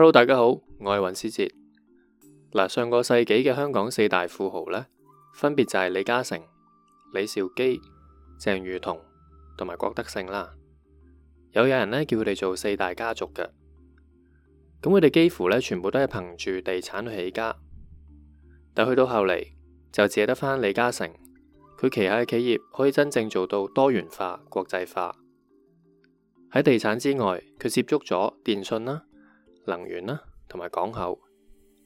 Hello，大家好，我係尹思哲。嗱，上個世紀嘅香港四大富豪呢，分別就係李嘉誠、李兆基、鄭裕彤同埋郭得勝啦。有有人呢叫佢哋做四大家族嘅，咁佢哋幾乎呢全部都係憑住地產去起家。但去到後嚟，就只得返李嘉誠，佢旗下嘅企業可以真正做到多元化、國際化。喺地產之外，佢接觸咗電訊啦。能源啦，同埋港口，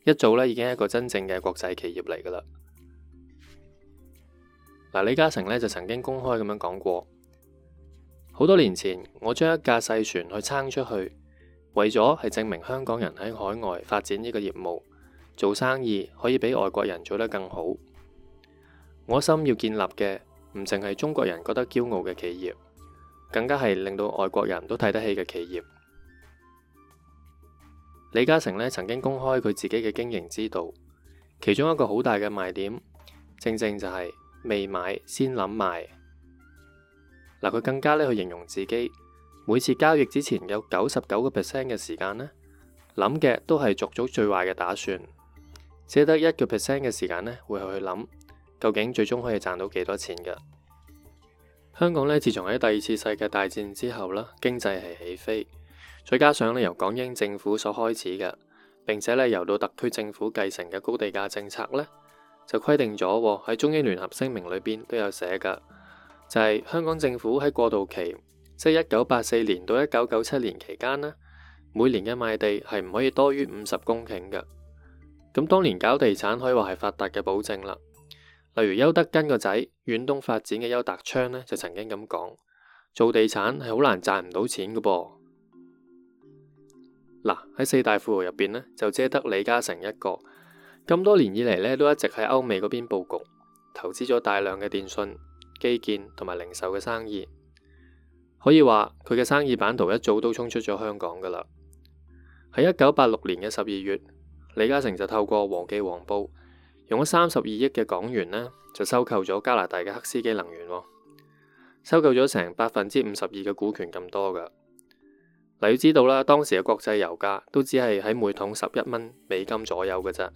一早呢，已經係一個真正嘅國際企業嚟嘅啦。嗱，李嘉誠呢，就曾經公開咁樣講過，好多年前我將一架細船去撐出去，為咗係證明香港人喺海外發展呢個業務做生意可以比外國人做得更好。我心要建立嘅唔淨係中國人覺得驕傲嘅企業，更加係令到外國人都睇得起嘅企業。李嘉誠咧曾經公開佢自己嘅經營之道，其中一個好大嘅賣點，正正就係、是、未買先諗賣。嗱、啊，佢更加咧去形容自己，每次交易之前有九十九個 percent 嘅時間咧，諗嘅都係做足最壞嘅打算，只得一個 percent 嘅時間咧，會去諗究竟最終可以賺到幾多錢㗎。香港咧，自從喺第二次世界大戰之後啦，經濟係起飛。再加上咧，由港英政府所開始嘅，並且咧由到特區政府繼承嘅高地價政策咧，就規定咗喺《中英聯合聲明》裏邊都有寫㗎，就係香港政府喺過渡期，即係一九八四年到一九九七年期間呢，每年嘅賣地係唔可以多於五十公頃嘅。咁當年搞地產可以話係發達嘅保證啦。例如，邱德根個仔遠東發展嘅邱達昌呢，就曾經咁講：做地產係好難賺唔到錢嘅噃。嗱喺、啊、四大富豪入邊呢，就遮得李嘉誠一個。咁多年以嚟呢，都一直喺歐美嗰邊布局，投資咗大量嘅電信、基建同埋零售嘅生意。可以話佢嘅生意版圖一早都衝出咗香港噶啦。喺一九八六年嘅十二月，李嘉誠就透過和記黃埔，用咗三十二億嘅港元呢，就收購咗加拿大嘅赫斯基能源，收購咗成百分之五十二嘅股權咁多噶。但要知道啦，當時嘅國際油價都只係喺每桶十一蚊美金左右嘅啫。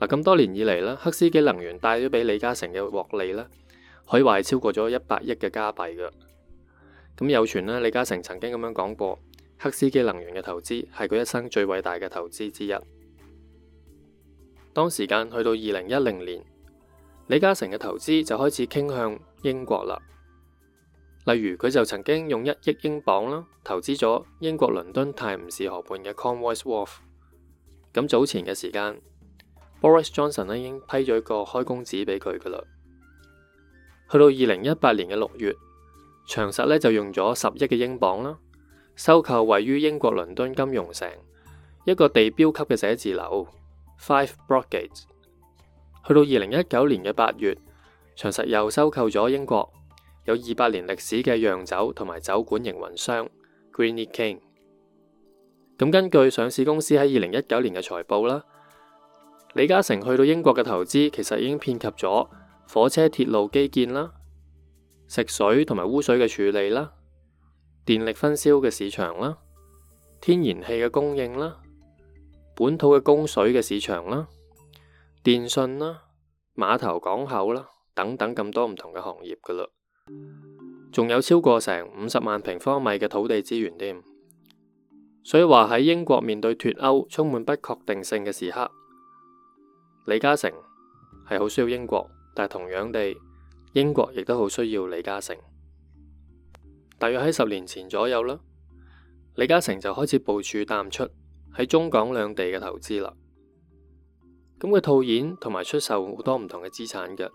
嗱，咁多年以嚟呢，赫斯基能源帶咗俾李嘉誠嘅獲利呢，可以話係超過咗一百億嘅加幣嘅。咁有傳呢，李嘉誠曾經咁樣講過，赫斯基能源嘅投資係佢一生最偉大嘅投資之一。當時間去到二零一零年，李嘉誠嘅投資就開始傾向英國啦。例如佢就曾經用一億英鎊啦，投資咗英國倫敦泰晤士河畔嘅 Convoys Wharf。咁早前嘅時間，Boris Johnson 咧已經批咗一個開工紙俾佢噶啦。去到二零一八年嘅六月，長實咧就用咗十億嘅英鎊啦，收購位於英國倫敦金融城一個地標級嘅寫字樓 Five Broadgate。去到二零一九年嘅八月，長實又收購咗英國。有二百年歷史嘅洋酒同埋酒館營運商 Greene King。咁根據上市公司喺二零一九年嘅財報啦，李嘉誠去到英國嘅投資其實已經遍及咗火車、鐵路基建啦、食水同埋污水嘅處理啦、電力分銷嘅市場啦、天然氣嘅供應啦、本土嘅供水嘅市場啦、電訊啦、碼頭港口啦等等咁多唔同嘅行業㗎喇。仲有超過成五十萬平方米嘅土地資源添，所以話喺英國面對脱歐充滿不確定性嘅時刻，李嘉誠係好需要英國，但同樣地，英國亦都好需要李嘉誠。大約喺十年前左右啦，李嘉誠就開始部署淡出喺中港兩地嘅投資啦。咁佢套現同埋出售好多唔同嘅資產嘅。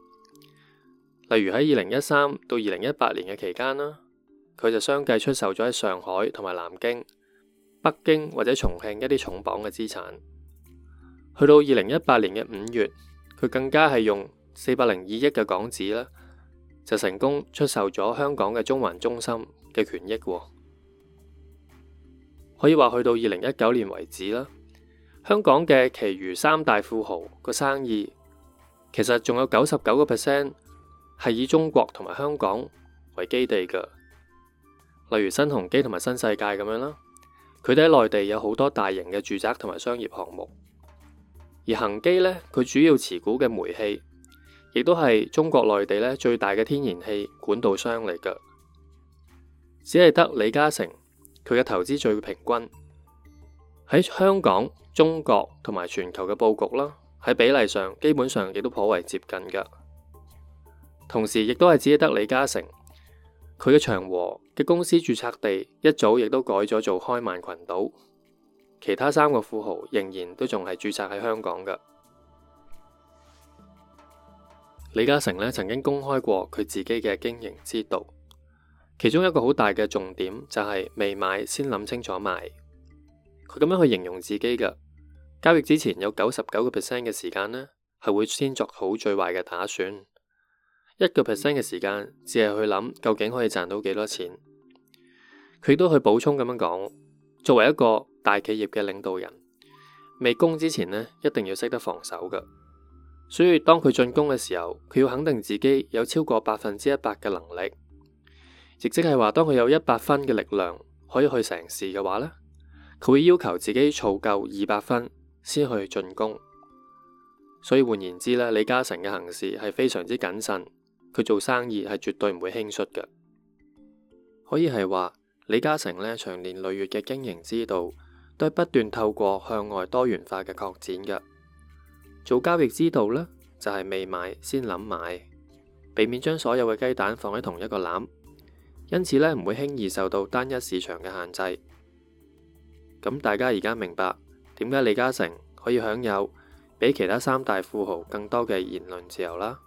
例如喺二零一三到二零一八年嘅期間啦，佢就相繼出售咗喺上海同埋南京、北京或者重慶一啲重磅嘅資產。去到二零一八年嘅五月，佢更加係用四百零二億嘅港紙啦，就成功出售咗香港嘅中環中心嘅權益。可以話去到二零一九年為止啦，香港嘅其餘三大富豪個生意其實仲有九十九個 percent。係以中國同埋香港為基地嘅，例如新鴻基同埋新世界咁樣啦。佢哋喺內地有好多大型嘅住宅同埋商業項目。而恒基呢，佢主要持股嘅煤氣，亦都係中國內地呢最大嘅天然氣管道商嚟嘅。只係得李嘉誠，佢嘅投資最平均喺香港、中國同埋全球嘅佈局啦，喺比例上基本上亦都頗為接近嘅。同時，亦都係只得李嘉誠佢嘅長和嘅公司註冊地一早亦都改咗做開曼群島，其他三個富豪仍然都仲係註冊喺香港噶。李嘉誠呢，曾經公開過佢自己嘅經營之道，其中一個好大嘅重點就係未買先諗清楚賣。佢咁樣去形容自己嘅交易，之前有，有九十九個 percent 嘅時間呢，係會先作好最壞嘅打算。一個 percent 嘅時間，只係去諗究竟可以賺到幾多錢。佢都去補充咁樣講，作為一個大企業嘅領導人，未攻之前咧，一定要識得防守㗎。所以當佢進攻嘅時候，佢要肯定自己有超過百分之一百嘅能力。亦即係話，當佢有一百分嘅力量可以去成事嘅話呢，佢會要求自己儲夠二百分先去進攻。所以換言之呢，李嘉誠嘅行事係非常之謹慎。佢做生意係絕對唔會輕率嘅，可以係話李嘉誠呢，長年累月嘅經營之道都係不斷透過向外多元化嘅擴展㗎。做交易之道呢，就係未買先諗買，避免將所有嘅雞蛋放喺同一個籃，因此呢，唔會輕易受到單一市場嘅限制。咁大家而家明白點解李嘉誠可以享有比其他三大富豪更多嘅言論自由啦。